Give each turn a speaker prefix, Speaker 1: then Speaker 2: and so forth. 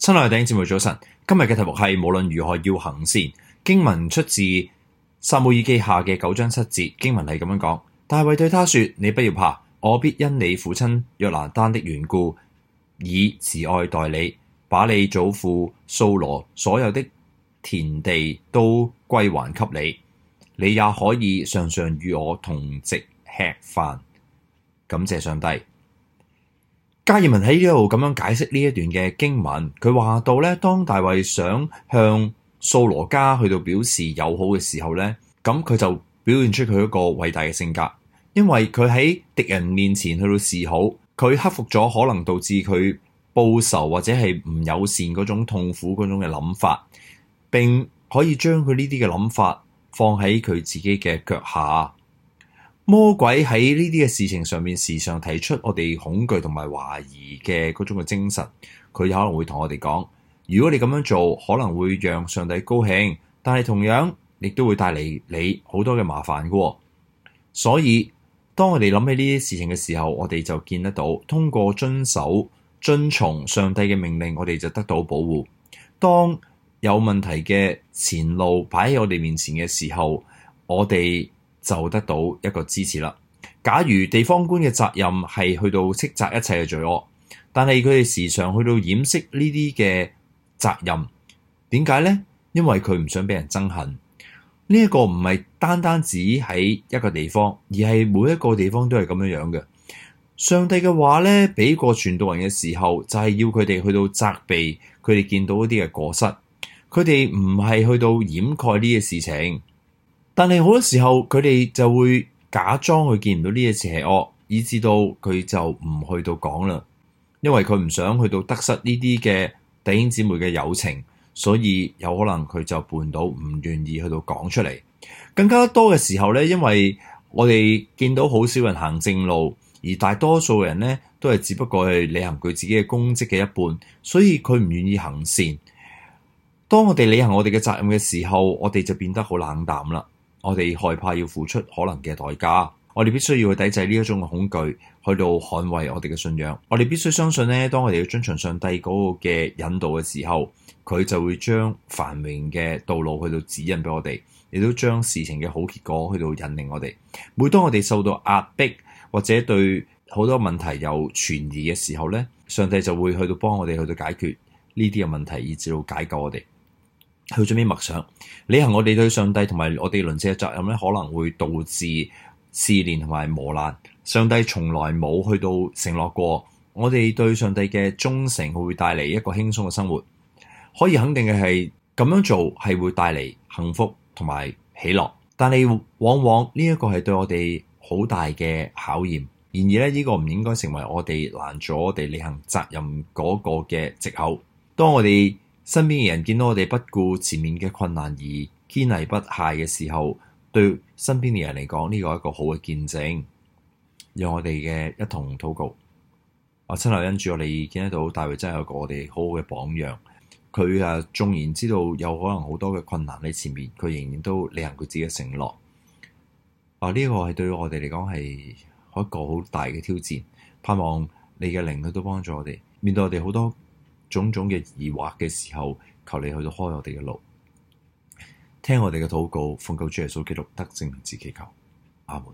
Speaker 1: 親愛嘅電影節目早晨，今日嘅題目係無論如何要行善。經文出自撒母耳記下嘅九章七節，經文係咁樣講：大衛對他說，你不要怕，我必因你父親約拿單的緣故，以慈愛待你，把你祖父蘇羅所有的田地都歸還給你，你也可以常常與我同席吃飯。感謝上帝。加爾文喺呢度咁樣解釋呢一段嘅經文，佢話到咧，當大衛想向掃羅家去到表示友好嘅時候咧，咁佢就表現出佢一個偉大嘅性格，因為佢喺敵人面前去到示好，佢克服咗可能導致佢報仇或者係唔友善嗰種痛苦嗰種嘅諗法，並可以將佢呢啲嘅諗法放喺佢自己嘅腳下。魔鬼喺呢啲嘅事情上面，時常提出我哋恐懼同埋懷疑嘅嗰種嘅精神，佢可能會同我哋講：如果你咁樣做，可能會讓上帝高興，但係同樣亦都會帶嚟你好多嘅麻煩嘅，所以，當我哋諗起呢啲事情嘅時候，我哋就見得到，通過遵守、遵從上帝嘅命令，我哋就得到保護。當有問題嘅前路擺喺我哋面前嘅時候，我哋就得到一個支持啦。假如地方官嘅責任係去到斥責一切嘅罪惡，但係佢哋時常去到掩飾呢啲嘅責任，點解呢？因為佢唔想俾人憎恨。呢、這、一個唔係單單只喺一個地方，而係每一個地方都係咁樣樣嘅。上帝嘅話呢，俾過傳道人嘅時候，就係、是、要佢哋去到責備佢哋見到一啲嘅過失，佢哋唔係去到掩蓋呢啲事情。但係好多時候佢哋就會假裝佢見唔到呢一邪惡，以至到佢就唔去到講啦，因為佢唔想去到得失呢啲嘅弟兄姊妹嘅友情，所以有可能佢就絆到，唔願意去到講出嚟。更加多嘅時候咧，因為我哋見到好少人行正路，而大多數人咧都係只不過係履行佢自己嘅公職嘅一半，所以佢唔願意行善。當我哋履行我哋嘅責任嘅時候，我哋就變得好冷淡啦。我哋害怕要付出可能嘅代價，我哋必須要去抵制呢一種恐懼，去到捍衛我哋嘅信仰。我哋必須相信咧，當我哋要遵循上帝嗰個嘅引導嘅時候，佢就會將繁榮嘅道路去到指引俾我哋，亦都將事情嘅好結果去到引領我哋。每當我哋受到壓迫或者對好多問題有存疑嘅時候咧，上帝就會去到幫我哋去到解決呢啲嘅問題，以至到解救我哋。去咗尾默想，履行我哋對上帝同埋我哋鄰舍嘅責任咧，可能會導致試煉同埋磨難。上帝從來冇去到承諾過，我哋對上帝嘅忠誠會帶嚟一個輕鬆嘅生活。可以肯定嘅係，咁樣做係會帶嚟幸福同埋喜樂。但係往往呢一個係對我哋好大嘅考驗。然而咧，呢個唔應該成為我哋難阻我哋履行責任嗰個嘅藉口。當我哋身邊嘅人見到我哋不顧前面嘅困難而堅毅不懈嘅時候，對身邊嘅人嚟講呢個係一個好嘅見證，讓我哋嘅一同禱告。啊，親愛恩主，我哋見得到大衛真係一個我哋好好嘅榜樣。佢啊縱然知道有可能好多嘅困難喺前面，佢仍然都履行佢自己嘅承諾。啊，呢、這個係對我哋嚟講係一個好大嘅挑戰。盼望你嘅靈去都幫助我哋面對我哋好多。種種嘅疑惑嘅時候，求你去到開我哋嘅路，聽我哋嘅禱告，奉救主耶穌基督得聖名祈求，阿門。